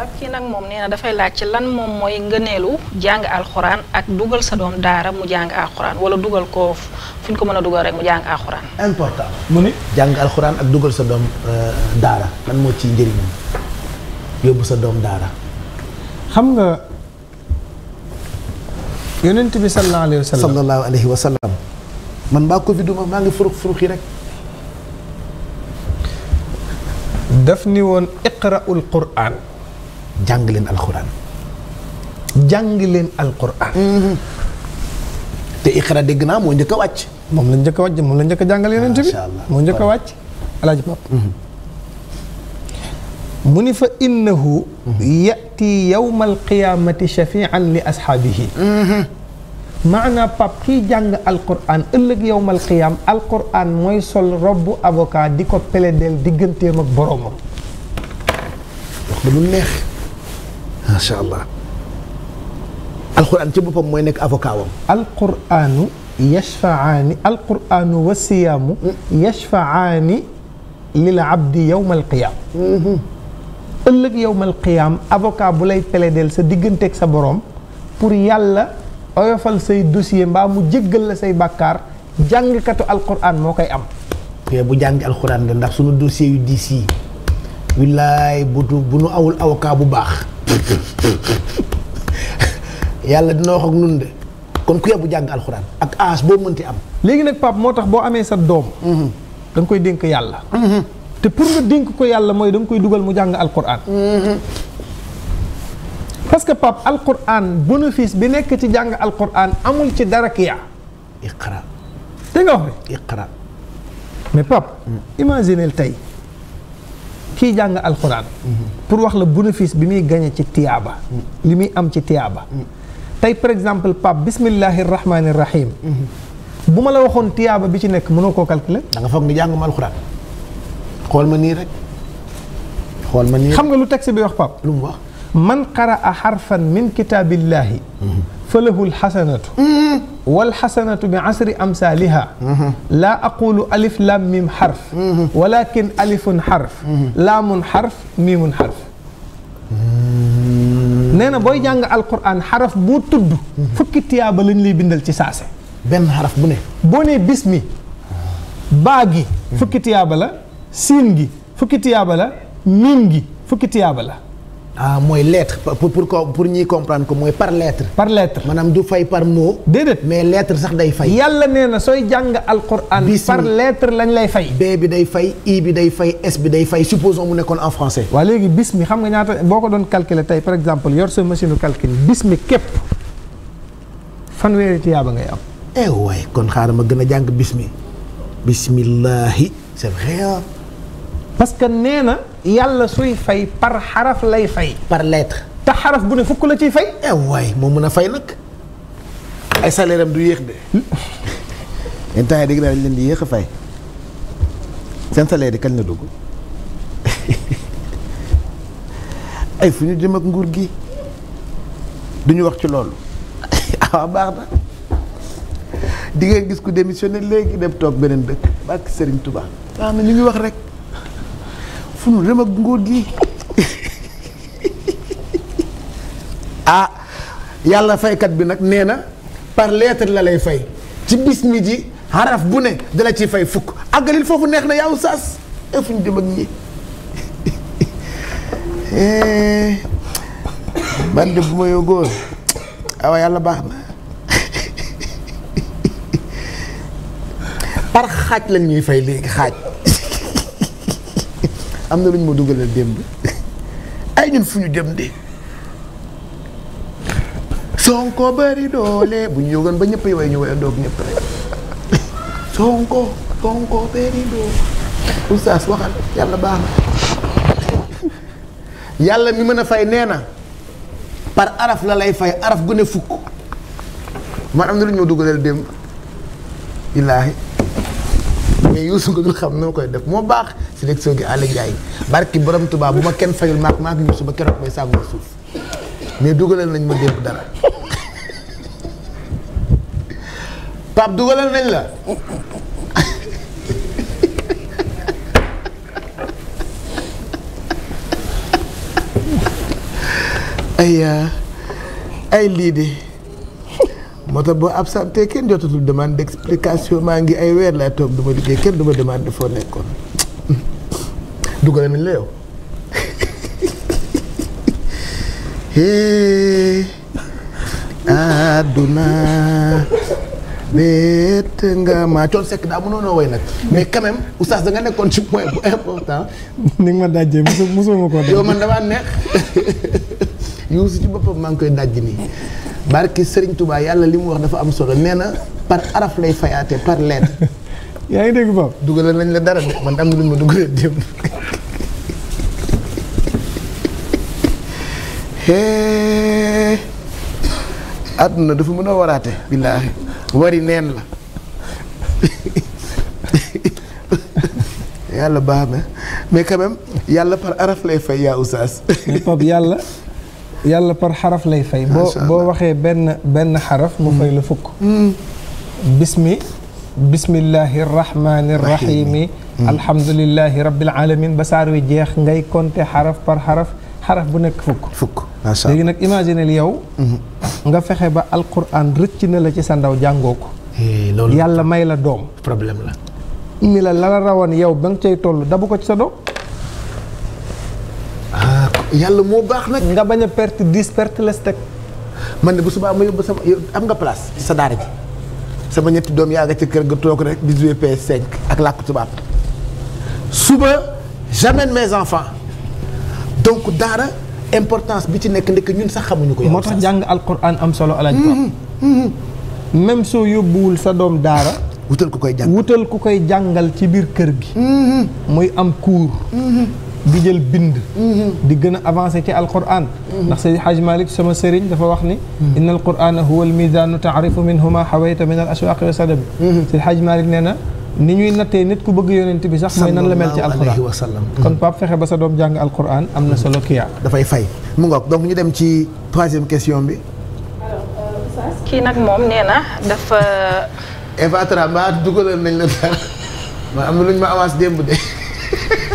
Pape kii nag moom nee na dafay laaj ci lan moom mooy ngëneelu jàng alxuraan ak dugal sa doom daara mu jàng alxuraan wala dugal ko fu ñu ko mën a dugal rek mu jàng alxuraan. mu ni jàng alxuraan ak dugal sa doom euh, daara lan moo ci njëriñam yóbbu sa doom daara. xam nga yonent bi sallallahu alayhi wa sallam sallallahu alayhi man maa ko fi duma maa ngi furux furux yi rek. daf ni woon iqra'ul qur'aan. jàng leen alxuraan jàng leen alxuraan. Mhm. te Iqra dégg naa moo njëkk a wàcc. moom la njëkk wàcc moom la njëkk a jàngal yeneen moo njëkk a wàcc alaaji pap mhm. mu ni fa innahu mhm. yati yowma alqiyaamati shafian li ashaabihi maanaa pap mooy sol robbu avocat di ko peledeel digganteem ak boroomam macha allah. alquran ci boppam mooy nekk avocat wam. alquranu yashfaaani alquranu wa siyaamu. lil abdi yowmal qiyaam. ëllëg yowmal qiyaam avocat bu lay del sa digganteeg sa boroom pour yàlla oyofal say dossier mbaa mu jëggal la say bàkkaar jàngkatu alquran moo koy am. bu jàngi alquran la ndax sunu dossier yu diis yi. wilaay bu nu awul avocat bu baax. yàlla dina wax ak nun de kon ku yebbu jàng alxuraan ak aas boo mënti am. léegi nag pap moo tax boo amee sa doom. Mhm. da koy dénk yàlla. Mhm. te pour nga dénk ko yàlla mooy da koy dugal mu jàng alxuraan. Mhm. parce que pap alxuraan bénéfice bi nekk ci jàng alxuraan amul ci dara ki yaa. iqra. te nga wax bi mais pap imaginez tey. kii jàng alxuraan. pour wax la bénéfice bi muy gañee ci tiyaaba. li muy am ci tiyaaba. tey par exemple Pape bismillahi rahmaani rahim. bu ma la waxoon tiyaaba bi ci nekk mënoo koo calculer. da nga foog ni jàng ma alxuraan. xool ma nii rek. xool ma nii xam nga lu teg si bi wax Pape lu mu man qaraa xarfan min kitaabillahi falahu alxasanatu walxasanatu bi asri amsaaliha laa aqulu alif laam miim xarf walakin alifun xarf laamun xarf miimun xarf nee na booy jàng alquran xaraf boo tudd fukki tiyaaba lañ lay bindal ci saase benn xaraf bu ne boo nee bismi baa gi fukki tiyaaba la siin gi fukki tiyaaba la miim gi fukki tiyaaba la ah mooy lettre pour pour pour ñuy comprendre ko mooy par lettre. par lettre maanaam du fay par mot. déedéet mais lettre sax day fay. yàlla nee na sooy jàng alquran. par lettre lañ lay fay. B bi day fay I bi day fay es bi day fay supposons mu nekkoon en français. waa léegi bis mi xam nga ñaata boo ko doon calculer tey par exemple yor sa machine calcul bismi mi képp fanweeri tiyaaba ngay am. eh waay kon xaaral ma gën a jàng bis mi bismillahi c'est parce que nee na yàlla suy fay par xaraf lay fay. par lettre. te xaraf bu ne fukk la ciy fay. eh moo mën a fay nag ay salaire du yéex de. yenn temps leen di yéex a fay seen salaire yi dugg ay fu ñu jëm ak nguur gi du ñu wax ci loolu ah baax na di gis ku démissionné léegi dem toog beneen dëkk bàkk Serigne Touba. waaw na ñu ngi wax rek. fu nu dem ak nguur gi ah yàlla faykat bi nag nee na par lettre la lay fay ci bis mi ji xaraf bu ne dala ci fay fukk àggalil foofu neex na yaaw saas e fu ñu dem ak ñi man eh, bu ma yoo góor awa yàlla baax na par xaaj lañ ñuy fay léegi xaaj am na lu ñu ma dugalal démb ay ñun fu ñu jëm de sonko bari doole bu ñu yógoon ba ñëpp yi way ñu way ndoog ñëpp rek sonko sonko bari doole oustaz waxal yàlla baax na yàlla mi mën a fay nee na par araf la lay fay araf gu ne fukk man am na lu ñu ma dugalal démb illaahi mais nga dul xam noo koy def moo baax sélection gi Aly Ndiaye barki borom Tuubaa bu ma kenn fayul maak maak Youssou ba keroog may sàngoo suuf mais dugalal nañ ma démb dara Pape dugalal nañ la ay ay lii de moo tax boo absenté kenn jotatul demande d'explication maa ngi ay weer laa toog du ma liggéey kenn du ma demande foo nekkoon dugal nañ la yow àdduna bett nga ma coon sekk daa mënoon a nag mais quand même oustaz da nga nekkoon ci point bu important ni nga ma dajjee mosoo mosoo ma ko yow man damaa neex yuusu ci boppam maa ngi koy dajj nii barki Serigne tubaa yàlla li mu wax dafa am solo neena na par araf lay fayaate par lettre. yaa ngi dégg Pape. dugalal nañ la dara de man am na lu ma dugalee démb. àdduna dafa mën a waraate. billaahi wari neen la. yàlla baax na mais quand yàlla par araf lay fay yaa oustaz. mais yàlla. yàlla par xaraf lay fay. boo waxee benn benn xaraf. mu fay la fukk. bismi bismillahi rahmaani rahimi. Hmm. alhamdulilahi rabbil alamin ba saar wi jeex ngay compter xaraf par xaraf xaraf bu nekk fukk. fukk macha léegi nag imagineel yow. Hmm. nga fexe ba alquran rëcc na la ci sa ndaw jàngoo ko. Eh, yàlla may la doom. problème la. mi la la rawoon yow ba nga cay toll dabu ko ci sa doom. yàlla moo baax nag. nga bañ a perte dix perte la si teg. man ne bu subaa ma yóbbu sama am nga place sa daara ji sama ñetti doom yaa nga ci kër ga toog rek di jouer ps ak làkku tubaab suba j'amène mes enfants donc daara importance bi ci nekk ndekk ñun sax xamuñu ko. moo tax jàng alquran am solo alaaj mm-hmm, mm-hmm. même soo yóbbuwul sa doom daara. wutal ku koy jàngal wutal ku koy jàngal ci biir kër gi. Mm-hmm. muy am cours. di jël bind mm-hmm. di gën a avancé ci alquran mm-hmm. ndax Seydi Haj Malik sama sëriñ dafa wax ni mm-hmm. inna alqurana huwa almizanu taarifu minhu ma hawayta min al aswaqi wa sadabi Seydi Haj Malik nee na ni ñuy nattee nit ku bëgg yonent bi sax mooy nan la mel ci alquran kon Pape fexe ba sa doom jàng alquran am na solo kiya dafay fay mu ngoog donc ñu dem ci troisième question bi alors euh, kii nag moom nee na dafa Eva Tra mbaa dugalal nañ la dara ma am na lu ñu ma avance démb de